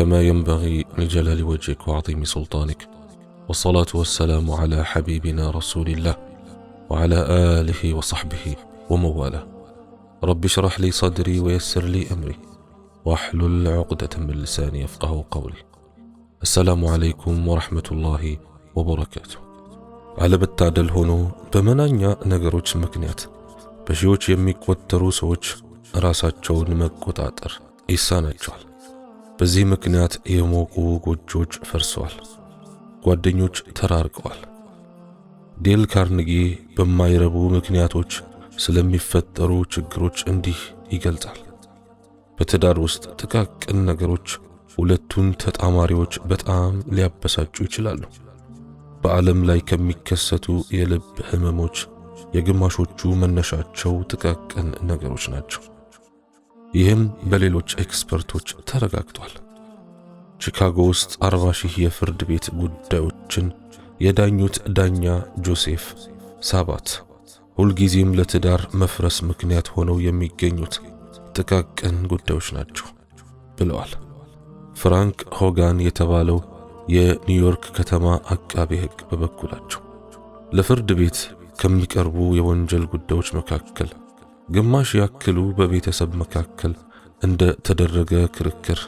كما ينبغي لجلال وجهك وعظيم سلطانك والصلاة والسلام على حبيبنا رسول الله وعلى آله وصحبه ومواله رب اشرح لي صدري ويسر لي أمري واحلل عقدة من لساني يفقه قولي السلام عليكم ورحمة الله وبركاته على بتعدل هونو بمنانيا نقروش مكنيات بشيوش يميك وتروسوش راساتشون مكوتاتر إيسانا جوال በዚህ ምክንያት የሞቁ ጎጆች ፈርሰዋል፣ ጓደኞች ተራርቀዋል። ዴል ካርንጌ በማይረቡ ምክንያቶች ስለሚፈጠሩ ችግሮች እንዲህ ይገልጻል። በትዳር ውስጥ ጥቃቅን ነገሮች ሁለቱን ተጣማሪዎች በጣም ሊያበሳጩ ይችላሉ። በዓለም ላይ ከሚከሰቱ የልብ ህመሞች የግማሾቹ መነሻቸው ጥቃቅን ነገሮች ናቸው። ይህም በሌሎች ኤክስፐርቶች ተረጋግጧል። ቺካጎ ውስጥ አርባ ሺህ የፍርድ ቤት ጉዳዮችን የዳኙት ዳኛ ጆሴፍ ሳባት ሁልጊዜም ለትዳር መፍረስ ምክንያት ሆነው የሚገኙት ጥቃቅን ጉዳዮች ናቸው ብለዋል። ፍራንክ ሆጋን የተባለው የኒውዮርክ ከተማ አቃቤ ሕግ በበኩላቸው ለፍርድ ቤት ከሚቀርቡ የወንጀል ጉዳዮች መካከል ግማሽ ያክሉ በቤተሰብ መካከል እንደ ተደረገ ክርክር፣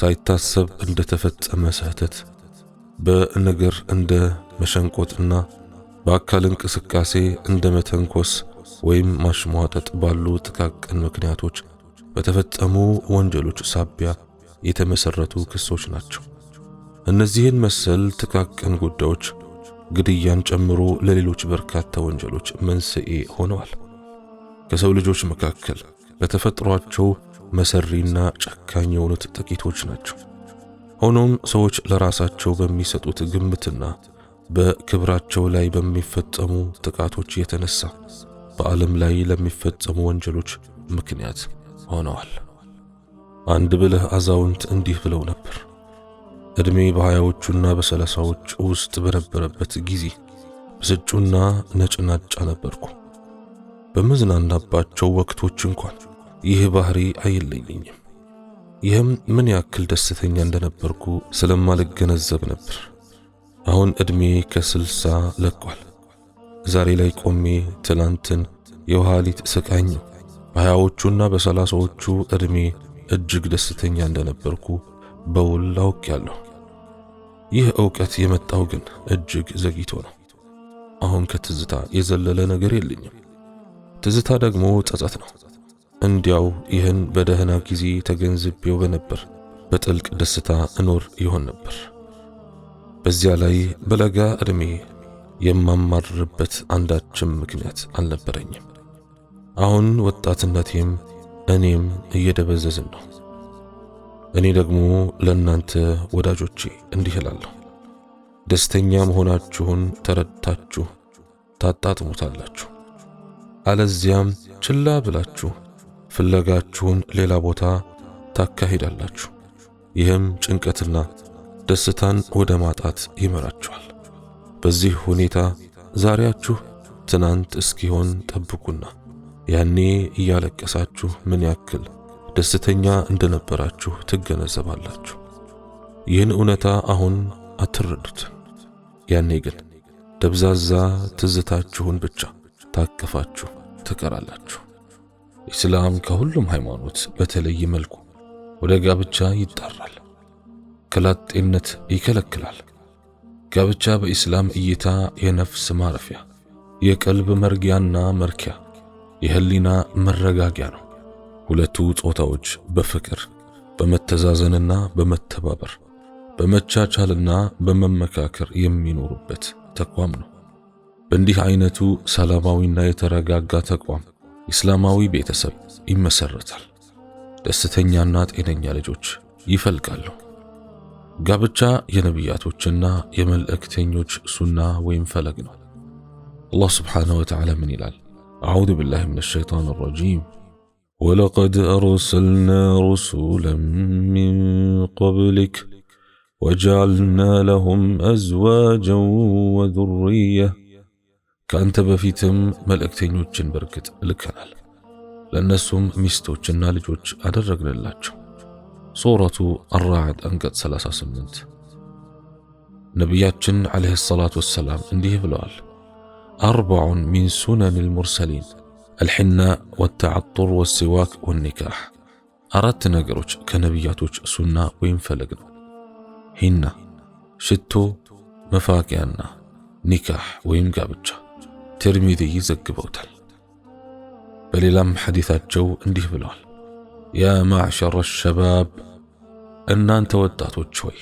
ሳይታሰብ እንደ ተፈጸመ ስህተት፣ በነገር እንደ መሸንቆጥና በአካል እንቅስቃሴ እንደ መተንኮስ ወይም ማሽሟጠጥ ባሉ ጥቃቅን ምክንያቶች በተፈጸሙ ወንጀሎች ሳቢያ የተመሰረቱ ክሶች ናቸው። እነዚህን መሰል ጥቃቅን ጉዳዮች ግድያን ጨምሮ ለሌሎች በርካታ ወንጀሎች መንስኤ ሆነዋል። ከሰው ልጆች መካከል በተፈጥሯቸው መሰሪና ጨካኝ የሆኑት ጥቂቶች ናቸው። ሆኖም ሰዎች ለራሳቸው በሚሰጡት ግምትና በክብራቸው ላይ በሚፈጸሙ ጥቃቶች የተነሳ በዓለም ላይ ለሚፈጸሙ ወንጀሎች ምክንያት ሆነዋል። አንድ ብልህ አዛውንት እንዲህ ብለው ነበር። ዕድሜ በሀያዎቹና በሰላሳዎች ውስጥ በነበረበት ጊዜ ብስጩና ነጭናጫ ነበርኩ። በመዝናናባቸው ወቅቶች እንኳን ይህ ባህሪ አይለየኝም። ይህም ምን ያክል ደስተኛ እንደነበርኩ ስለማልገነዘብ ነበር። አሁን ዕድሜ ከስልሳ ለቋል። ዛሬ ላይ ቆሜ ትላንትን የውሃሊት ስቃኝ ነው። በሀያዎቹና በሰላሳዎቹ ዕድሜ እጅግ ደስተኛ እንደነበርኩ በውል አውቄያለሁ። ይህ ዕውቀት የመጣው ግን እጅግ ዘግይቶ ነው። አሁን ከትዝታ የዘለለ ነገር የለኝም። ትዝታ ደግሞ ጸጸት ነው። እንዲያው ይህን በደህና ጊዜ ተገንዝቤው በነበር በጥልቅ ደስታ እኖር ይሆን ነበር። በዚያ ላይ በለጋ ዕድሜ የማማርበት አንዳችም ምክንያት አልነበረኝም። አሁን ወጣትነቴም እኔም እየደበዘዝን ነው። እኔ ደግሞ ለእናንተ ወዳጆቼ እንዲህ እላለሁ፣ ደስተኛ መሆናችሁን ተረድታችሁ ታጣጥሙታላችሁ። አለዚያም ችላ ብላችሁ ፍለጋችሁን ሌላ ቦታ ታካሂዳላችሁ። ይህም ጭንቀትና ደስታን ወደ ማጣት ይመራችኋል። በዚህ ሁኔታ ዛሬያችሁ ትናንት እስኪሆን ጠብቁና ያኔ እያለቀሳችሁ ምን ያክል ደስተኛ እንደነበራችሁ ትገነዘባላችሁ። ይህን እውነታ አሁን አትረዱትም። ያኔ ግን ደብዛዛ ትዝታችሁን ብቻ ታቅፋችሁ ትቀራላችሁ። ኢስላም ከሁሉም ሃይማኖት በተለየ መልኩ ወደ ጋብቻ ይጣራል፣ ከላጤነት ይከለክላል። ጋብቻ በኢስላም እይታ የነፍስ ማረፊያ፣ የቀልብ መርጊያና መርኪያ፣ የህሊና መረጋጊያ ነው። ሁለቱ ጾታዎች በፍቅር በመተዛዘንና በመተባበር በመቻቻልና በመመካከር የሚኖሩበት ተቋም ነው። በእንዲህ አይነቱ ሰላማዊና የተረጋጋ ተቋም ኢስላማዊ ቤተሰብ ይመሰረታል። ደስተኛና ጤነኛ ልጆች ይፈልቃሉ። ጋብቻ የነቢያቶችና የመልእክተኞች ሱና ወይም ፈለግ ነው። አላህ ስብሓነሁ ወተዓላ ምን ይላል? አዑዙ ቢላሂ ሚነ ሸይጣን ረጂም ወለቀድ አርሰልና ሩሱለን ሚን ቀብሊክ ወጀዐልና ለሁም አዝዋጀን ወዙርየህ ከአንተ በፊትም መልእክተኞችን በርግጥ ልከናል፣ ለእነሱም ሚስቶችና ልጆች አደረግንላቸው። ሱረቱ አራዕድ አንቀጽ 38። ነቢያችን ዓለይሂ ሰላቱ ወሰላም እንዲህ ብለዋል፣ አርባዑን ሚን ሱነን ልሙርሰሊን አልሕና ወተዓጡር ወሲዋክ ወኒካሕ። አራት ነገሮች ከነቢያቶች ሱና ወይም ፈለግ ነው። ሂና ሽቶ፣ መፋቂያና ኒካሕ ወይም ጋብቻ ترمذي بوتل بل لم حديثات جو عندي بلول يا معشر الشباب ان انت ودات شوي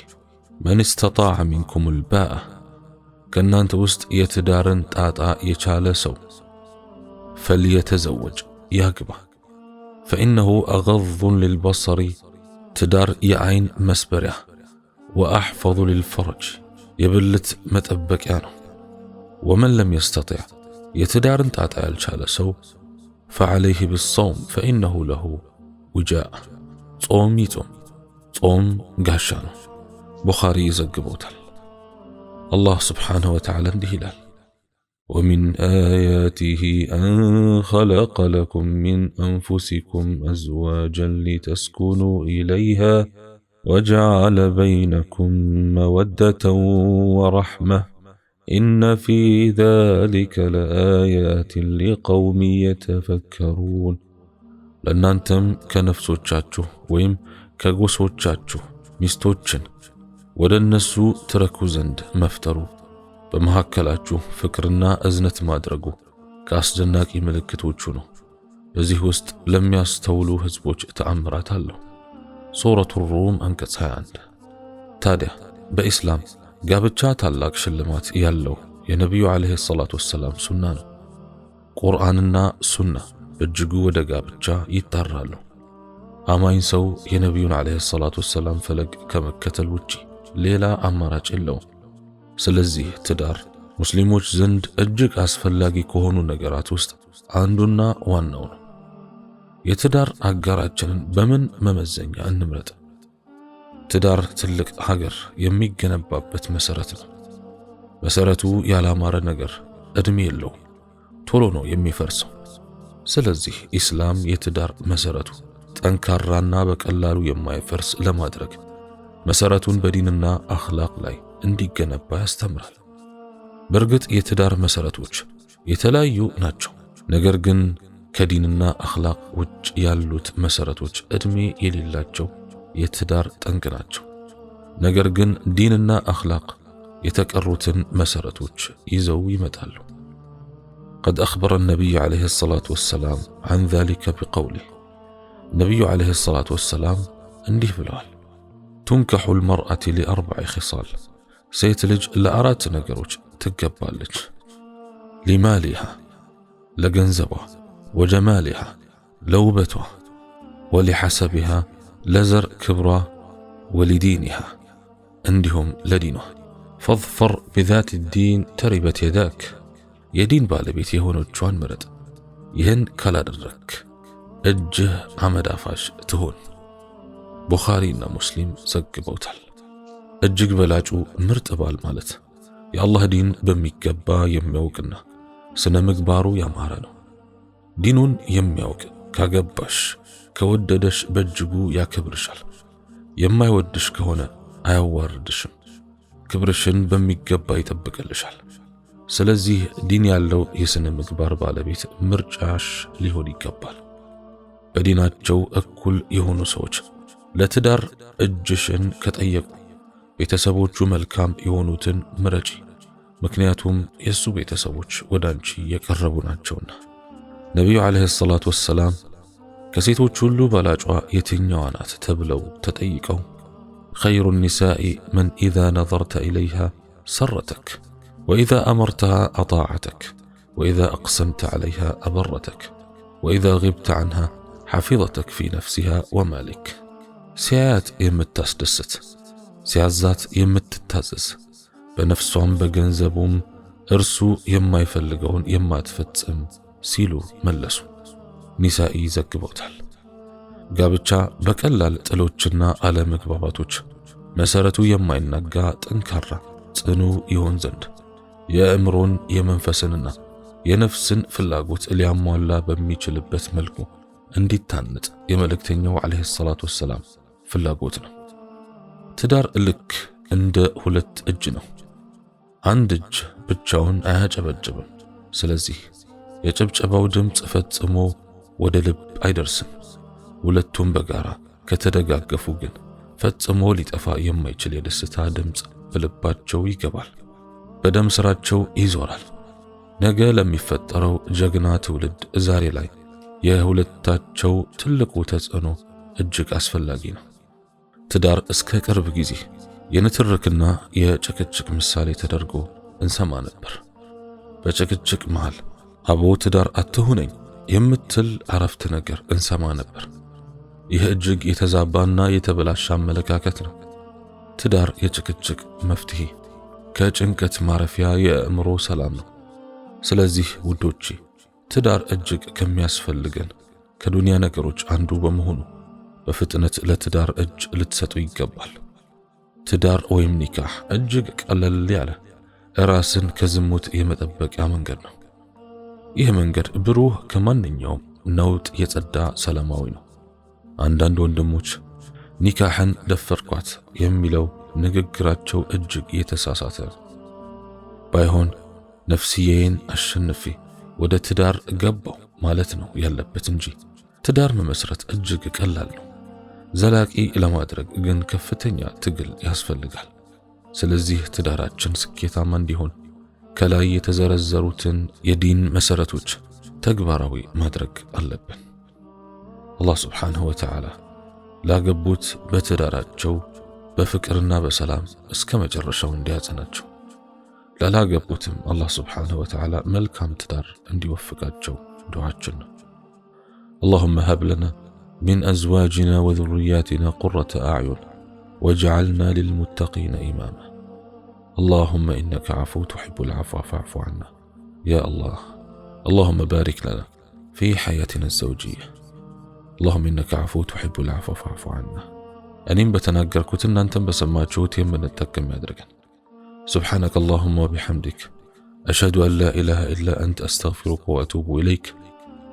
من استطاع منكم الباء كان انت وسط يتدارن تاتا يشال سو فليتزوج قبا فانه اغض للبصر تدار يا عين مسبره واحفظ للفرج يبلت متبك انا ومن لم يستطع የትዳርን ጣጣ ያልቻለ ሰው ፈዓለይህ ብሰውም ፈኢነሁ ለሁ ውጃእ ጾም ይጾም። ጾም ጋሻ ነው። ቡኻሪ ይዘግበውታል። አላህ ስብሓንሁ ወተዓላ እንዲህ ይላል፣ ወሚን አያቲህ አን ኸለቀ ለኩም ሚን አንፉሲኩም አዝዋጀን ሊተስኩኑ ኢለይሃ ወጀዓለ በይነኩም መወደተን ወረሕመህ إن في ذلك لآيات لقوم يتفكرون لأنانتم كنفسو تشاتشو ويم كغوسو تشاتشو ميستو تشن وللنسو تركو زند مفترو بمهكلاتشو فكرنا أزنت مادرقو كاس جناكي ملكة وچونو بزيه لم يستولو هزبوش تعمرات هلو سورة الروم أنكت عند تاديا بإسلام ጋብቻ ታላቅ ሽልማት ያለው የነቢዩ ዓለይሂ ሰላቱ ወሰላም ሱና ነው። ቁርአንና ሱና በእጅጉ ወደ ጋብቻ ይጣራሉ። አማኝ ሰው የነቢዩን ዓለይሂ ሰላቱ ወሰላም ፈለግ ከመከተል ውጪ ሌላ አማራጭ የለውም። ስለዚህ ትዳር ሙስሊሞች ዘንድ እጅግ አስፈላጊ ከሆኑ ነገራት ውስጥ አንዱና ዋናው ነው። የትዳር አጋራችንን በምን መመዘኛ እንምረጥ? ትዳር ትልቅ ሀገር የሚገነባበት መሰረት ነው። መሰረቱ ያላማረ ነገር እድሜ የለው፣ ቶሎ ነው የሚፈርሰው። ስለዚህ ኢስላም የትዳር መሰረቱ ጠንካራና በቀላሉ የማይፈርስ ለማድረግ መሰረቱን በዲንና አኽላቅ ላይ እንዲገነባ ያስተምራል። በእርግጥ የትዳር መሰረቶች የተለያዩ ናቸው። ነገር ግን ከዲንና አኽላቅ ውጭ ያሉት መሰረቶች እድሜ የሌላቸው የትዳር ጠንቅ ናቸው። ነገር ግን ዲንና አኽላቅ የተቀሩትን መሰረቶች ይዘው ይመጣሉ። ቀድ አኽበረ ነቢዩ ዓለይሂ ሰላቱ ወሰላም አን ዛሊከ ቢቀውሊህ ነቢዩ ዓለይሂ ሰላቱ ወሰላም እንዲህ ብለዋል፣ ቱንከሑ ልመርአቲ ሊአርባዕ ኺሳል ሴት ልጅ ለአራት ነገሮች ትገባለች። ሊማሊሃ ለገንዘቧ፣ ወጀማሊሃ ለውበቷ፣ ወሊሐሰቢሃ لزر كبرى ولدينها عندهم لدينه فاظفر بذات الدين تربت يداك يدين بالبيت يهون جوان مرد يهن كلا اجه عمد افاش تهون بخاري نا مسلم زق بوتل اجيك بلاجو مرت ابال مالت يا الله دين بمي قبا يميوقنا سنة يا مارانو دينون يميوق كاقباش ከወደደሽ በእጅጉ ያከብርሻል። የማይወድሽ ከሆነ አያዋርድሽም፣ ክብርሽን በሚገባ ይጠብቅልሻል። ስለዚህ ዲን ያለው የሥነ ምግባር ባለቤት ምርጫሽ ሊሆን ይገባል። በዲናቸው እኩል የሆኑ ሰዎች ለትዳር እጅሽን ከጠየቁ ቤተሰቦቹ መልካም የሆኑትን ምረጪ። ምክንያቱም የእሱ ቤተሰቦች ወደ አንቺ የቀረቡ ናቸውና። ነቢዩ ዓለይሂ ሰላቱ ወሰላም ከሴቶች ሁሉ በላጯ የትኛዋ ናት ተብለው ተጠይቀው خير النساء من إذا نظرت إليها سرتك وإذا أمرتها أطاعتك وإذا أقسمت عليها أبرتك وإذا غبت عنها حفظتك في نفسها ومالك سيات የምታስደስት ሲያዛት የምትታዘዝ በነፍሷም በገንዘቡም እርሱ የማይፈልገውን የማትፈጽም ሲሉ መለሱ ኒሳኢ ዘግበውታል። ጋብቻ በቀላል ጥሎችና አለመግባባቶች መሰረቱ የማይናጋ ጠንካራ ጽኑ ይሆን ዘንድ የእምሮን የመንፈስንና የነፍስን ፍላጎት ሊያሟላ በሚችልበት መልኩ እንዲታነጥ የመልእክተኛው ዓለይሂ ሰላቱ ወሰላም ፍላጎት ነው። ትዳር ልክ እንደ ሁለት እጅ ነው። አንድ እጅ ብቻውን አያጨበጭብም። ስለዚህ የጭብጨባው ድምፅ ፈጽሞ ወደ ልብ አይደርስም። ሁለቱም በጋራ ከተደጋገፉ ግን ፈጽሞ ሊጠፋ የማይችል የደስታ ድምፅ በልባቸው ይገባል፣ በደም ስራቸው ይዞራል። ነገ ለሚፈጠረው ጀግና ትውልድ ዛሬ ላይ የሁለታቸው ትልቁ ተጽዕኖ እጅግ አስፈላጊ ነው። ትዳር እስከ ቅርብ ጊዜ የንትርክና የጭቅጭቅ ምሳሌ ተደርጎ እንሰማ ነበር። በጭቅጭቅ መሃል አቦ ትዳር አትሁነኝ የምትል አረፍተ ነገር እንሰማ ነበር። ይህ እጅግ የተዛባና የተበላሸ አመለካከት ነው። ትዳር የጭቅጭቅ መፍትሄ፣ ከጭንቀት ማረፊያ፣ የአእምሮ ሰላም ነው። ስለዚህ ውዶቼ ትዳር እጅግ ከሚያስፈልገን ከዱንያ ነገሮች አንዱ በመሆኑ በፍጥነት ለትዳር እጅ ልትሰጡ ይገባል። ትዳር ወይም ኒካህ እጅግ ቀለል ያለ ራስን ከዝሙት የመጠበቂያ መንገድ ነው። ይህ መንገድ ብሩህ ከማንኛውም ነውጥ የጸዳ ሰላማዊ ነው። አንዳንድ ወንድሞች ኒካህን ደፈርኳት የሚለው ንግግራቸው እጅግ የተሳሳተ ባይሆን ነፍስዬን አሸንፌ ወደ ትዳር ገባው ማለት ነው ያለበት እንጂ ትዳር መመስረት እጅግ ቀላል ነው። ዘላቂ ለማድረግ ግን ከፍተኛ ትግል ያስፈልጋል። ስለዚህ ትዳራችን ስኬታማ እንዲሆን ከላይ የተዘረዘሩትን የዲን መሰረቶች ተግባራዊ ማድረግ አለብን። አላህ ስብሓንሁ ወተዓላ ላገቡት በትዳራቸው በፍቅርና በሰላም እስከ መጨረሻው እንዲያጸናቸው፣ ላላገቡትም አላህ ስብሓንሁ ወተዓላ መልካም ትዳር እንዲወፍቃቸው ዱዓችን ነው። አላሁመ ሀብ ለና ሚን አዝዋጅና ወዙርያቲና ቁረተ አዕዩን ወጅዓልና ሊልሙተቂነ ኢማማ اللهم إنك عفو تحب العفو فاعف عنا يا الله اللهم بارك لنا في حياتنا الزوجية اللهم إنك عفو تحب العفو فاعف عنا أنين بتناجر كتن انت بسما تشوت من التكم مدرجا سبحانك اللهم وبحمدك أشهد أن لا إله إلا أنت أستغفرك وأتوب إليك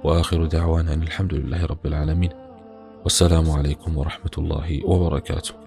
وآخر دعوانا أن الحمد لله رب العالمين والسلام عليكم ورحمة الله وبركاته